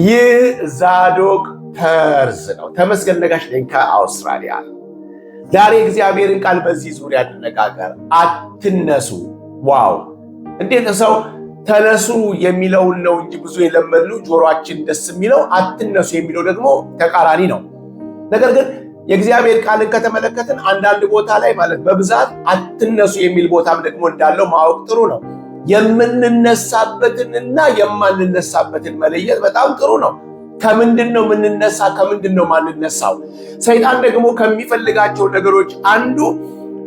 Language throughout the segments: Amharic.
ይህ ዛዶቅ ተርዝ ነው። ተመስገን ነጋሽ ነኝ ከአውስትራሊያ። ዛሬ እግዚአብሔርን ቃል በዚህ ዙሪያ እንነጋገር። አትነሱ። ዋው! እንዴት ሰው ተነሱ የሚለውን ነው እንጂ ብዙ የለመድነው ጆሮአችን ደስ የሚለው አትነሱ የሚለው ደግሞ ተቃራኒ ነው። ነገር ግን የእግዚአብሔር ቃልን ከተመለከትን አንዳንድ ቦታ ላይ ማለት በብዛት አትነሱ የሚል ቦታም ደግሞ እንዳለው ማወቅ ጥሩ ነው። የምንነሳበትንና የማንነሳበትን መለየት በጣም ጥሩ ነው። ከምንድን ነው የምንነሳ? ከምንድን ነው ማንነሳው? ሰይጣን ደግሞ ከሚፈልጋቸው ነገሮች አንዱ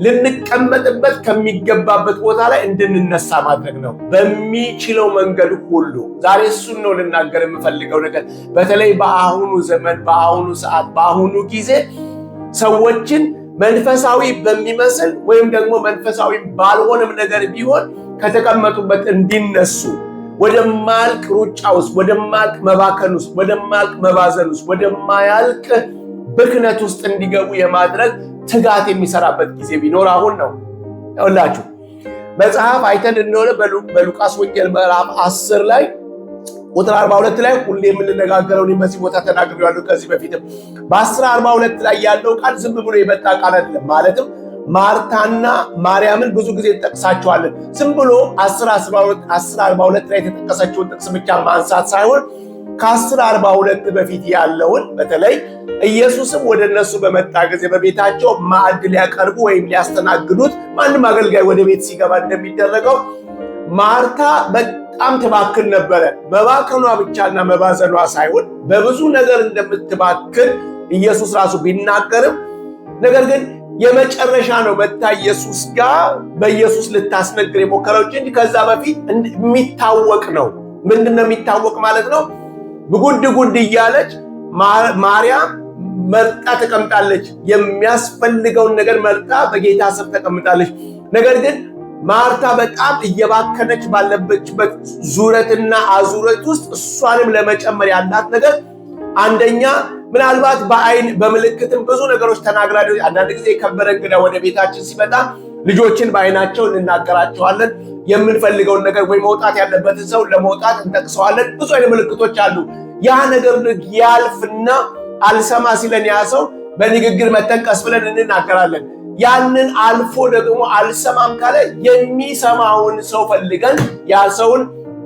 ልንቀመጥበት ከሚገባበት ቦታ ላይ እንድንነሳ ማድረግ ነው፣ በሚችለው መንገድ ሁሉ። ዛሬ እሱን ነው ልናገር የምፈልገው ነገር። በተለይ በአሁኑ ዘመን፣ በአሁኑ ሰዓት፣ በአሁኑ ጊዜ ሰዎችን መንፈሳዊ በሚመስል ወይም ደግሞ መንፈሳዊ ባልሆነም ነገር ቢሆን ከተቀመጡበት እንዲነሱ ወደማያልቅ ሩጫ ውስጥ፣ ወደማያልቅ መባከን ውስጥ፣ ወደማያልቅ መባዘን ውስጥ፣ ወደማያልቅ ብክነት ውስጥ እንዲገቡ የማድረግ ትጋት የሚሰራበት ጊዜ ቢኖር አሁን ነው። ሁላችሁ መጽሐፍ አይተን እንደሆነ በሉቃስ ወንጌል ምዕራፍ 10 ላይ ቁጥር 42 ላይ ሁሌ የምንነጋገረውን በዚህ ቦታ ተናግሬዋለሁ ከዚህ በፊትም በ10 42 ላይ ያለው ቃል ዝም ብሎ የመጣ ቃል አይደለም። ማለትም ማርታና ማርያምን ብዙ ጊዜ ጠቅሳቸዋለን። ዝም ብሎ 1042 ላይ የተጠቀሰችውን ጥቅስ ብቻ ማንሳት ሳይሆን ከ1042 በፊት ያለውን በተለይ ኢየሱስም ወደ እነሱ በመጣ ጊዜ በቤታቸው ማዕድ ሊያቀርቡ ወይም ሊያስተናግዱት ማንም አገልጋይ ወደ ቤት ሲገባ እንደሚደረገው ማርታ በጣም ትባክን ነበረ። መባከኗ ብቻና መባዘኗ ሳይሆን በብዙ ነገር እንደምትባክን ኢየሱስ ራሱ ቢናገርም ነገር ግን የመጨረሻ ነው መታ ኢየሱስ ጋር በኢየሱስ ልታስነግር የሞከረው እንጂ ከዛ በፊት የሚታወቅ ነው። ምንድን ነው የሚታወቅ ማለት ነው? ጉድ ጉድ እያለች ማርያም መርጣ ተቀምጣለች። የሚያስፈልገውን ነገር መርጣ በጌታ ስር ተቀምጣለች። ነገር ግን ማርታ በጣም እየባከነች ባለበችበት ዙረትና አዙረት ውስጥ እሷንም ለመጨመር ያላት ነገር አንደኛ ምናልባት በአይን በምልክትም ብዙ ነገሮች ተናግራ፣ አንዳንድ ጊዜ የከበረ እንግዳ ወደ ቤታችን ሲመጣ ልጆችን በአይናቸው እንናገራቸዋለን። የምንፈልገውን ነገር ወይ መውጣት ያለበትን ሰው ለመውጣት እንጠቅሰዋለን። ብዙ አይነት ምልክቶች አሉ። ያ ነገር ያልፍና አልሰማ ሲለን ያ ሰው በንግግር መጠንቀስ ብለን እንናገራለን። ያንን አልፎ ደግሞ አልሰማም ካለ የሚሰማውን ሰው ፈልገን ያ ሰውን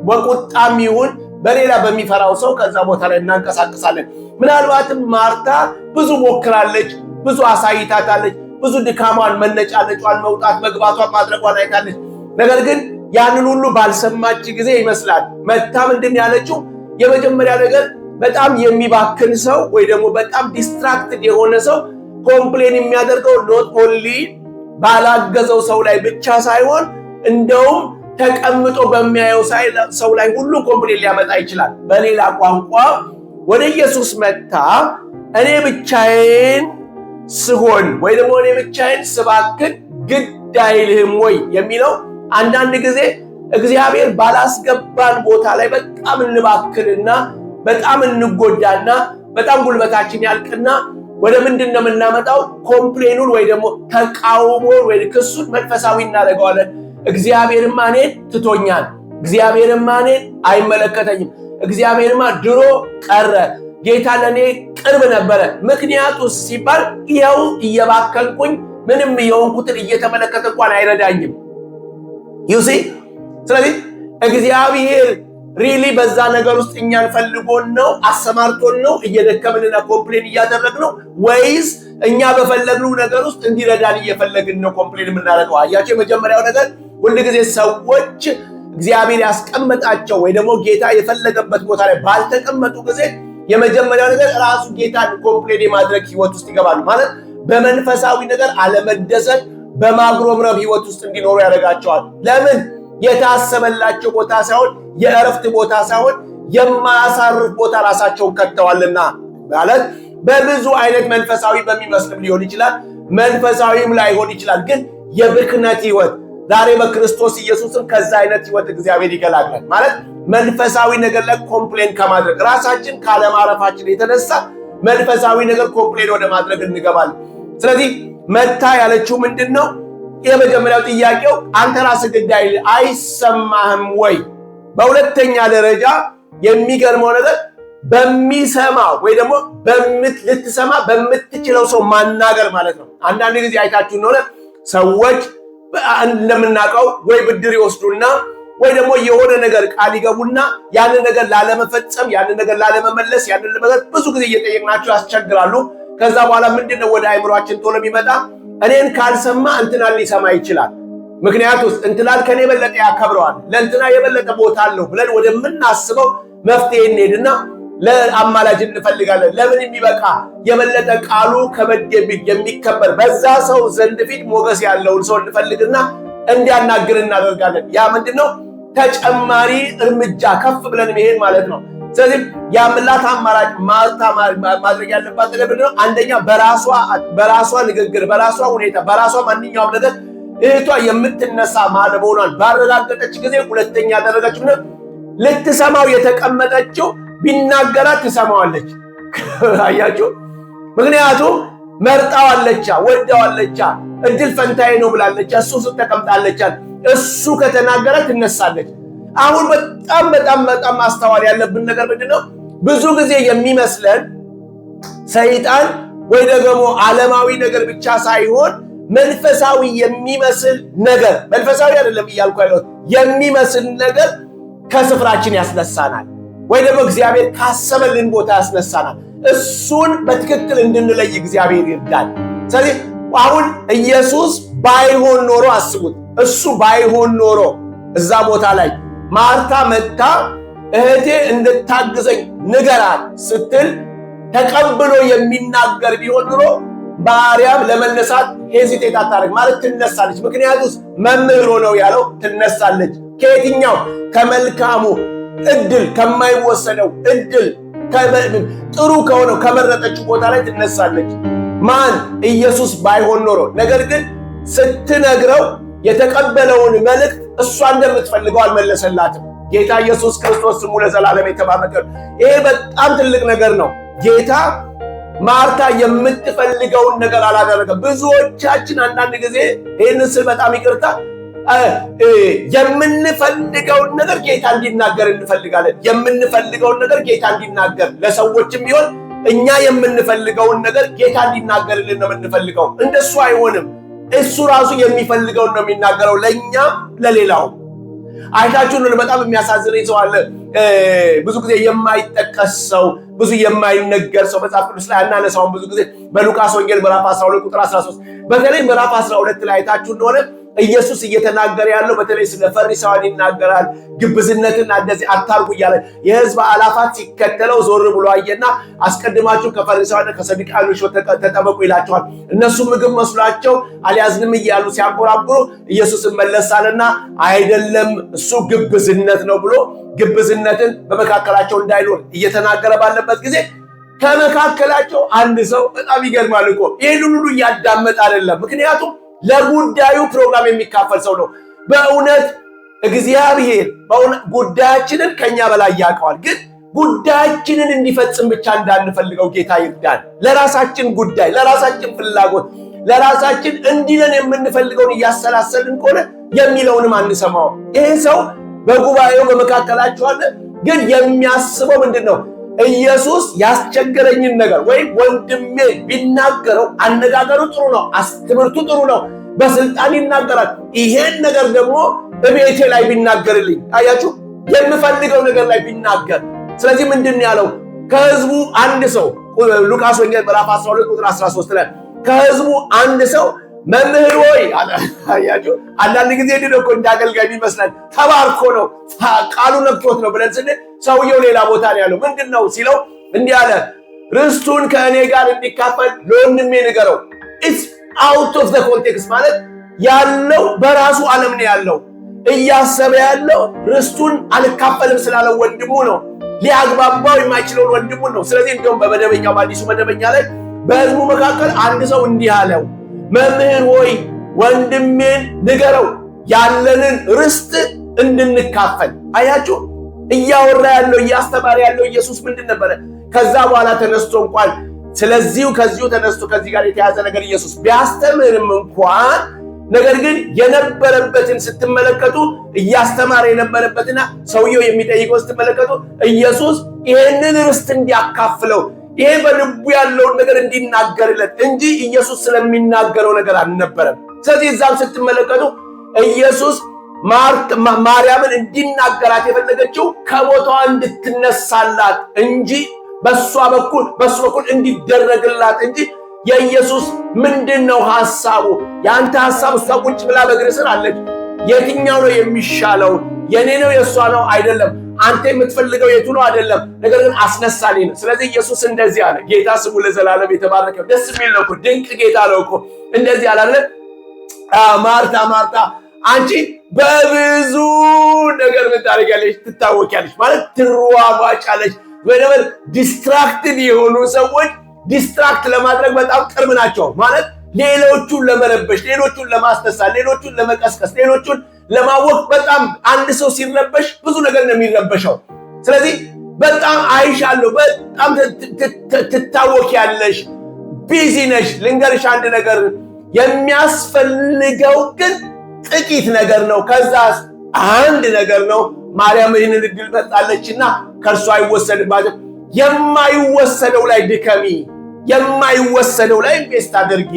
በቁጣም ይሁን በሌላ በሚፈራው ሰው ከዛ ቦታ ላይ እናንቀሳቀሳለን። ምናልባትም ማርታ ብዙ ሞክራለች፣ ብዙ አሳይታታለች፣ ብዙ ድካሟን፣ መነጫነጯን፣ መውጣት መግባቷን ማድረጓን አይታለች። ነገር ግን ያንን ሁሉ ባልሰማች ጊዜ ይመስላል መታ ምንድን ያለችው የመጀመሪያ ነገር በጣም የሚባክን ሰው ወይ ደግሞ በጣም ዲስትራክትድ የሆነ ሰው ኮምፕሌን የሚያደርገው ኖት ኦንሊ ባላገዘው ሰው ላይ ብቻ ሳይሆን እንደውም ተቀምጦ በሚያየው ሰው ላይ ሁሉ ኮምፕሌን ሊያመጣ ይችላል። በሌላ ቋንቋ ወደ ኢየሱስ መጥታ እኔ ብቻዬን ስሆን ወይ ደግሞ እኔ ብቻዬን ስባክን ግድ አይልህም ወይ የሚለው አንዳንድ ጊዜ እግዚአብሔር ባላስገባን ቦታ ላይ በጣም እንባክንና በጣም እንጎዳና በጣም ጉልበታችን ያልቅና ወደ ምንድን ነው የምናመጣው? ኮምፕሌኑን ወይ ደግሞ ተቃውሞን ወይ ክሱን መንፈሳዊ እናደርገዋለን። እግዚአብሔርማ እኔን ትቶኛል፣ እግዚአብሔርማ እኔን አይመለከተኝም፣ እግዚአብሔርማ ድሮ ቀረ፣ ጌታ ለእኔ ቅርብ ነበረ። ምክንያቱ ሲባል ይኸው እየባከልኩኝ ምንም የሆንኩትን እየተመለከተ እንኳን አይረዳኝም። ዩሲ ስለዚህ እግዚአብሔር ሪሊ በዛ ነገር ውስጥ እኛን ፈልጎን ነው አሰማርቶን ነው እየደከምንና ኮምፕሌን እያደረግ ነው ወይስ እኛ በፈለግነው ነገር ውስጥ እንዲረዳን እየፈለግን ነው ኮምፕሌን የምናደርገው? አያቸው የመጀመሪያው ነገር ሁልጊዜ ሰዎች እግዚአብሔር ያስቀመጣቸው ወይ ደግሞ ጌታ የፈለገበት ቦታ ላይ ባልተቀመጡ ጊዜ የመጀመሪያው ነገር ራሱ ጌታን ኮምፕሌን የማድረግ ህይወት ውስጥ ይገባሉ። ማለት በመንፈሳዊ ነገር አለመደሰት፣ በማጉረምረም ህይወት ውስጥ እንዲኖሩ ያደርጋቸዋል። ለምን የታሰበላቸው ቦታ ሳይሆን የእረፍት ቦታ ሳይሆን የማያሳርፍ ቦታ ራሳቸውን ከተዋልና ማለት በብዙ አይነት መንፈሳዊ በሚመስልም ሊሆን ይችላል መንፈሳዊም ላይሆን ይችላል ግን የብክነት ህይወት ዛሬ በክርስቶስ ኢየሱስም ከዛ አይነት ህይወት እግዚአብሔር ይገላግላል። ማለት መንፈሳዊ ነገር ላይ ኮምፕሌን ከማድረግ ራሳችን ካለማረፋችን የተነሳ መንፈሳዊ ነገር ኮምፕሌን ወደ ማድረግ እንገባለን። ስለዚህ መታ ያለችው ምንድን ነው? የመጀመሪያው ጥያቄው አንተ ራስ ግዳይ አይሰማህም ወይ? በሁለተኛ ደረጃ የሚገርመው ነገር በሚሰማ ወይ ደግሞ ልትሰማ በምትችለው ሰው ማናገር ማለት ነው። አንዳንድ ጊዜ አይታችሁ እንደሆነ ሰዎች እንደምናውቀው ወይ ብድር ይወስዱና ወይ ደግሞ የሆነ ነገር ቃል ይገቡና ያንን ነገር ላለመፈጸም ያንን ነገር ላለመመለስ ያንን ለመመለስ ብዙ ጊዜ እየጠየቅናቸው ያስቸግራሉ። ከዛ በኋላ ምንድን ነው ወደ አይምሯችን ቶሎ የሚመጣ እኔን ካልሰማ እንትናን ሊሰማ ይችላል። ምክንያቱ እንትናን ከኔ የበለጠ ያከብረዋል፣ ለእንትና የበለጠ ቦታ አለው ብለን ወደምናስበው መፍትሄ እንሄድና ለአማላጅ እንፈልጋለን። ለምን የሚበቃ የበለጠ ቃሉ ከበድ የሚከበር በዛ ሰው ዘንድ ፊት ሞገስ ያለውን ሰው እንፈልግና እንዲያናግር እናደርጋለን። ያ ምንድን ነው? ተጨማሪ እርምጃ ከፍ ብለን መሄድ ማለት ነው። ስለዚህ የአምላክ አማራጭ ማርታ ማድረግ ያለባት ነገር ነው? አንደኛ በራሷ ንግግር፣ በራሷ ሁኔታ፣ በራሷ ማንኛውም ነገር እህቷ የምትነሳ ማለ መሆኗን ባረጋገጠች ጊዜ ሁለተኛ ያደረገችው ልትሰማው የተቀመጠችው ቢናገራት ትሰማዋለች። አያችሁ፣ ምክንያቱም መርጣዋለቻ፣ ወዳዋለቻ፣ እድል ፈንታዬ ነው ብላለች። እሱ ስትቀምጣለቻል እሱ ከተናገረ ትነሳለች። አሁን በጣም በጣም በጣም ማስተዋል ያለብን ነገር ምንድነው? ብዙ ጊዜ የሚመስለን ሰይጣን ወይ ደግሞ ዓለማዊ ነገር ብቻ ሳይሆን መንፈሳዊ የሚመስል ነገር መንፈሳዊ አይደለም እያልኩ የሚመስል ነገር ከስፍራችን ያስነሳናል። ወይ ደግሞ እግዚአብሔር ካሰበልን ቦታ ያስነሳናል። እሱን በትክክል እንድንለይ እግዚአብሔር ይርዳል። ስለዚህ አሁን ኢየሱስ ባይሆን ኖሮ አስቡት፣ እሱ ባይሆን ኖሮ እዛ ቦታ ላይ ማርታ መጥታ እህቴ እንድታግዘኝ ንገራት ስትል ተቀብሎ የሚናገር ቢሆን ኖሮ ማርያም ለመነሳት ሄዚቴት አታደርግ ማለት ትነሳለች። ምክንያቱስ መምህሮ ነው ያለው ትነሳለች። ከየትኛው ከመልካሙ እድል ከማይወሰደው እድል ጥሩ ከሆነው ከመረጠችው ቦታ ላይ ትነሳለች። ማን ኢየሱስ ባይሆን ኖሮ ነገር ግን ስትነግረው የተቀበለውን መልእክት እሷ እንደምትፈልገው አልመለሰላትም። ጌታ ኢየሱስ ክርስቶስ ስሙ ለዘላለም የተባረከ። ይሄ በጣም ትልቅ ነገር ነው። ጌታ ማርታ የምትፈልገውን ነገር አላደረገም። ብዙዎቻችን አንዳንድ ጊዜ ይህን ስል በጣም ይቅርታ የምንፈልገውን ነገር ጌታ እንዲናገር እንፈልጋለን። የምንፈልገውን ነገር ጌታ እንዲናገር ለሰዎችም ቢሆን እኛ የምንፈልገውን ነገር ጌታ እንዲናገርልን ነው የምንፈልገው። እንደሱ አይሆንም። እሱ ራሱ የሚፈልገውን ነው የሚናገረው፣ ለእኛም ለሌላው አይታችሁን በጣም የሚያሳዝነኝ ሰው አለ። ብዙ ጊዜ የማይጠቀስ ሰው ብዙ የማይነገር ሰው መጽሐፍ ቅዱስ ላይ አናነሳውን ብዙ ጊዜ በሉቃስ ወንጌል ምዕራፍ 12 ቁጥር 13 በተለይ ምዕራፍ 12 ላይ አይታችሁ እንደሆነ ኢየሱስ እየተናገረ ያለው በተለይ ስለ ፈሪሳውያን ይናገራል። ግብዝነትን እንደዚህ አታርጉ እያለ የህዝብ አላፋት ሲከተለው ዞር ብሎ አየና አስቀድማችሁ ከፈሪሳውያን ከሰዱቃኖች ተጠበቁ ይላቸዋል። እነሱ ምግብ መስሏቸው አልያዝንም እያሉ ሲያንጎራጉሩ ኢየሱስን መለሳልና አይደለም እሱ ግብዝነት ነው ብሎ ግብዝነትን በመካከላቸው እንዳይኖር እየተናገረ ባለበት ጊዜ ከመካከላቸው አንድ ሰው በጣም ይገርማል እኮ ይህን ሁሉ እያዳመጠ አይደለም ምክንያቱም ለጉዳዩ ፕሮግራም የሚካፈል ሰው ነው። በእውነት እግዚአብሔር ጉዳያችንን ከኛ በላይ ያውቀዋል። ግን ጉዳያችንን እንዲፈጽም ብቻ እንዳንፈልገው ጌታ ይርዳል። ለራሳችን ጉዳይ፣ ለራሳችን ፍላጎት፣ ለራሳችን እንዲለን የምንፈልገውን እያሰላሰልን ከሆነ የሚለውንም አንሰማው። ይሄ ሰው በጉባኤው በመካከላችሁ አለ፣ ግን የሚያስበው ምንድን ነው? ኢየሱስ ያስቸገረኝን ነገር ወይም ወንድሜ ቢናገረው አነጋገሩ ጥሩ ነው፣ ትምህርቱ ጥሩ ነው፣ በስልጣን ይናገራል። ይሄን ነገር ደግሞ በቤቴ ላይ ቢናገርልኝ፣ አያችሁ የምፈልገው ነገር ላይ ቢናገር። ስለዚህ ምንድን ያለው ከህዝቡ አንድ ሰው ሉቃስ ወንጌል ምዕራፍ 12 ቁጥር 13 ላይ ከህዝቡ አንድ ሰው መምህር ወይ አያችሁ፣ አንዳንድ ጊዜ ድን እኮ እንደ አገልጋይ ይመስላል። ተባርኮ ነው ቃሉ ነክቶት ነው ብለን ስንል ሰውየው ሌላ ቦታ ነው ያለው። ምንድን ነው ሲለው እንዲህ አለ፣ ርስቱን ከእኔ ጋር እንዲካፈል ለወንድሜ ንገረው። ኢትስ አውት ኦፍ ዘ ኮንቴክስት ማለት ያለው በራሱ ዓለም ነው ያለው። እያሰበ ያለው ርስቱን አልካፈልም ስላለው ወንድሙ ነው። ሊያግባባው የማይችለውን ወንድሙን ነው። ስለዚህ እንዲሁም በመደበኛው በአዲሱ መደበኛ ላይ በህዝቡ መካከል አንድ ሰው እንዲህ አለው መምህር ሆይ ወንድሜን ንገረው ያለንን ርስት እንድንካፈል። አያችሁ እያወራ ያለው እያስተማረ ያለው ኢየሱስ ምንድን ነበረ? ከዛ በኋላ ተነስቶ እንኳን ስለዚሁ ከዚሁ ተነስቶ ከዚህ ጋር የተያዘ ነገር ኢየሱስ ቢያስተምርም እንኳን ነገር ግን የነበረበትን ስትመለከቱ እያስተማረ የነበረበትና ሰውየው የሚጠይቀው ስትመለከቱ ኢየሱስ ይህንን ርስት እንዲያካፍለው ይሄ በልቡ ያለውን ነገር እንዲናገርለት እንጂ ኢየሱስ ስለሚናገረው ነገር አልነበረም። ስለዚህ እዛም ስትመለከቱ ኢየሱስ ማርያምን እንዲናገራት የፈለገችው ከቦታዋ እንድትነሳላት እንጂ በእሷ በኩል በእሱ በኩል እንዲደረግላት እንጂ የኢየሱስ ምንድን ነው ሐሳቡ? የአንተ ሐሳብ እሷ ቁጭ ብላ በእግር ስር አለች። የትኛው ነው የሚሻለው? የኔ ነው የእሷ ነው አይደለም። አንተ የምትፈልገው የቱ ነው አይደለም፣ ነገር ግን አስነሳልኝ ነው። ስለዚህ ኢየሱስ እንደዚህ አለ። ጌታ ስሙ ለዘላለም የተባረከ ደስ የሚል ነው። ድንቅ ጌታ ነው እኮ እንደዚህ አላለ። ማርታ ማርታ አንቺ በብዙ ነገር ምን ታደርጊያለሽ? ትታወቂያለሽ ማለት ትሯሯጫለሽ። በደበል ዲስትራክትድ የሆኑ ሰዎች ዲስትራክት ለማድረግ በጣም ቅርብ ናቸው ማለት ሌሎቹን ለመረበሽ፣ ሌሎቹን ለማስነሳት፣ ሌሎቹን ለመቀስቀስ፣ ሌሎቹን ለማወቅ በጣም አንድ ሰው ሲረበሽ ብዙ ነገር ነው የሚረበሸው። ስለዚህ በጣም አይሻለሁ፣ በጣም ትታወቂያለሽ፣ ቢዚ ነሽ። ልንገርሽ አንድ ነገር የሚያስፈልገው ግን ጥቂት ነገር ነው። ከዛ አንድ ነገር ነው። ማርያም ይህንን እድል እና ከእርሷ አይወሰድባትም። የማይወሰደው ላይ ድከሚ፣ የማይወሰደው ላይ ኢንቨስት አድርጊ፣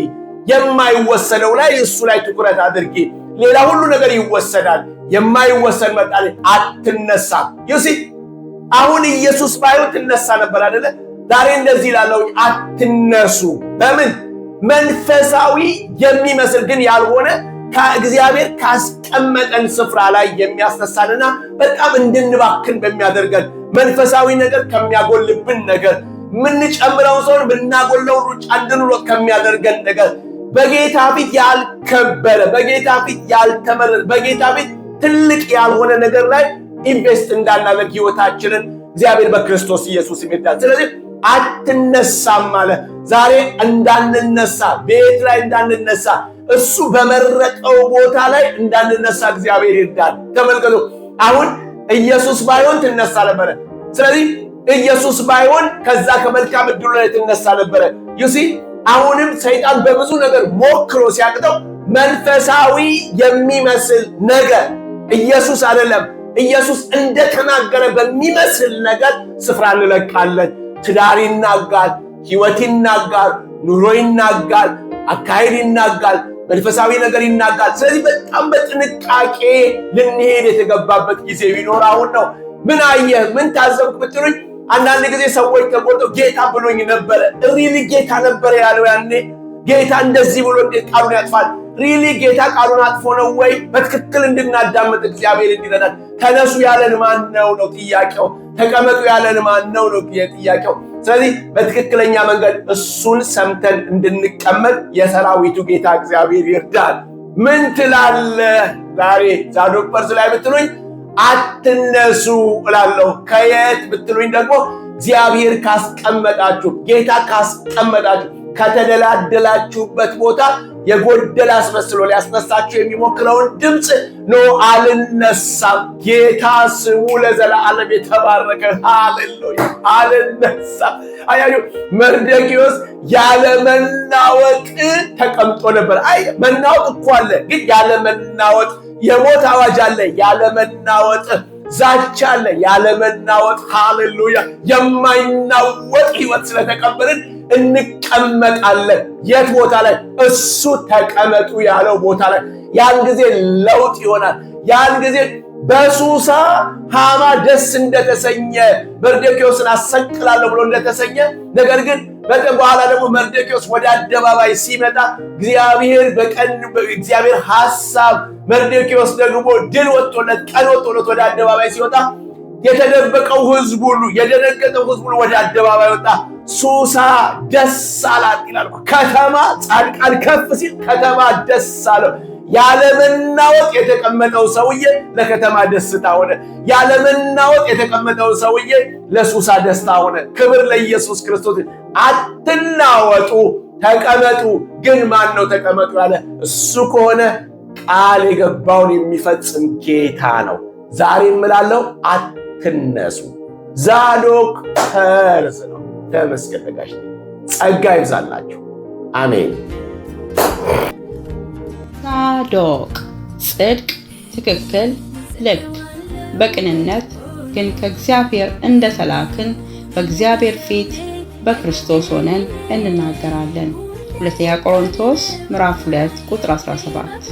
የማይወሰደው ላይ እሱ ላይ ትኩረት አድርጌ። ሌላ ሁሉ ነገር ይወሰዳል። የማይወሰድ መጣኔ አትነሳ ዩሲ አሁን ኢየሱስ ባይሆን ትነሳ ነበር አደለ? ዛሬ እንደዚህ ላለው አትነሱ። በምን መንፈሳዊ የሚመስል ግን ያልሆነ ከእግዚአብሔር ካስቀመጠን ስፍራ ላይ የሚያስነሳንና በጣም እንድንባክን በሚያደርገን መንፈሳዊ ነገር ከሚያጎልብን ነገር የምንጨምረውን ሰውን ብናጎለው ሩጫ እንድንሮጥ ከሚያደርገን ነገር በጌታ ፊት ያልከበረ፣ በጌታ ፊት ያልተመረጠ፣ በጌታ ፊት ትልቅ ያልሆነ ነገር ላይ ኢንቨስት እንዳናደርግ ህይወታችንን እግዚአብሔር በክርስቶስ ኢየሱስ ይመዳል። ስለዚህ አትነሳም ማለት ዛሬ እንዳንነሳ ቤት ላይ እንዳንነሳ እሱ በመረጠው ቦታ ላይ እንዳንነሳ እግዚአብሔር ይርዳል። ተመልከቱ፣ አሁን ኢየሱስ ባይሆን ትነሳ ነበረ። ስለዚህ ኢየሱስ ባይሆን ከዛ ከመልካም ዕድሉ ላይ ትነሳ ነበረ ዩሲ አሁንም ሰይጣን በብዙ ነገር ሞክሮ ሲያቅተው መንፈሳዊ የሚመስል ነገር ኢየሱስ አይደለም ኢየሱስ እንደተናገረ በሚመስል ነገር ስፍራ እንለቃለን። ትዳር ይናጋል፣ ህይወት ይናጋል፣ ኑሮ ይናጋል፣ አካሄድ ይናጋል፣ መንፈሳዊ ነገር ይናጋል። ስለዚህ በጣም በጥንቃቄ ልንሄድ የተገባበት ጊዜ ቢኖር አሁን ነው። ምን አየህ? ምን ታዘብክ ብትሉኝ አንዳንድ ጊዜ ሰዎች ተቆጥተው ጌታ ብሎኝ ነበረ። ሪሊ ጌታ ነበረ ያለው ያኔ ጌታ እንደዚህ ብሎ እንዴት ቃሉን ያጥፋል? ሪሊ ጌታ ቃሉን አጥፎ ነው ወይ? በትክክል እንድናዳምጥ እግዚአብሔር እንዲረዳል። ተነሱ ያለን ማን ነው ነው ጥያቄው። ተቀመጡ ያለን ማን ነው ነው ጥያቄው። ስለዚህ በትክክለኛ መንገድ እሱን ሰምተን እንድንቀመጥ የሰራዊቱ ጌታ እግዚአብሔር ይርዳል። ምን ትላለህ ዛሬ ዛዶቅ በር ላይ ብትሉኝ አትነሱ እላለሁ። ከየት ብትሉኝ ደግሞ እግዚአብሔር ካስቀመጣችሁ፣ ጌታ ካስቀመጣችሁ ከተደላደላችሁበት ቦታ የጎደለ አስመስሎ ሊያስነሳቸው የሚሞክረውን ድምፅ ኖ አልነሳም። ጌታ ስሙ ለዘላለም የተባረከ ሃሌሉያ። አልነሳም። አያዩ መርደኪዎስ ያለ መናወቅ ተቀምጦ ነበር። አይ መናወቅ እኮ አለ፣ ግን ያለ የሞት አዋጅ አለ፣ ያለ መናወጥ ዛቻ አለ፣ ያለ መናወጥ ሃሌሉያ። የማይናወጥ ህይወት ስለተቀበልን እንቀመጣለን። የት ቦታ ላይ? እሱ ተቀመጡ ያለው ቦታ ላይ። ያን ጊዜ ለውጥ ይሆናል። ያን ጊዜ በሱሳ ሃማ ደስ እንደተሰኘ መርዶክዮስን አሰቅላለሁ ብሎ እንደተሰኘ ነገር ግን በኋላ ደግሞ መርዶክዮስ ወደ አደባባይ ሲመጣ እግዚአብሔር በቀን እግዚአብሔር ሐሳብ መርዶክዮስ ደግሞ ድል ወጥቶለት ቀን ወጥቶለት ወደ አደባባይ ሲወጣ የተደበቀው ሕዝብ ሁሉ የደነገጠው ሕዝብ ሁሉ ወደ አደባባይ ወጣ። ሱሳ ደስ አላት ይላል። ከተማ ጻድቃን ከፍ ሲል ከተማ ደስ አለው። ያለመናወጥ የተቀመጠው ሰውዬ ለከተማ ደስታ ሆነ። ያለመናወጥ የተቀመጠው ሰውዬ ለሱሳ ደስታ ሆነ። ክብር ለኢየሱስ ክርስቶስ። አትናወጡ፣ ተቀመጡ። ግን ማን ነው ተቀመጡ ያለ? እሱ ከሆነ ቃል የገባውን የሚፈጽም ጌታ ነው። ዛሬ እምላለሁ አትነሱ። ዛዶቅ ተርዝ ነው። ተመስገን ነጋሽ ጸጋ ይብዛላችሁ። አሜን። ሳዶቅ ጽድቅ፣ ትክክል፣ ልክ በቅንነት ግን ከእግዚአብሔር እንደ ተላክን በእግዚአብሔር ፊት በክርስቶስ ሆነን እንናገራለን። ሁለተኛ ቆሮንቶስ ምዕራፍ 2 ቁጥር 17።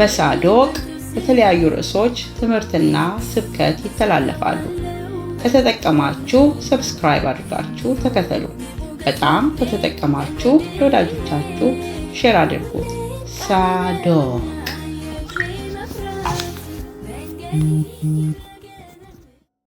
በሳዶቅ የተለያዩ ርዕሶች ትምህርትና ስብከት ይተላለፋሉ። ከተጠቀማችሁ ሰብስክራይብ አድርጋችሁ ተከተሉ። በጣም ከተጠቀማችሁ ለወዳጆቻችሁ ሼር አድርጉት። ሳዶቅ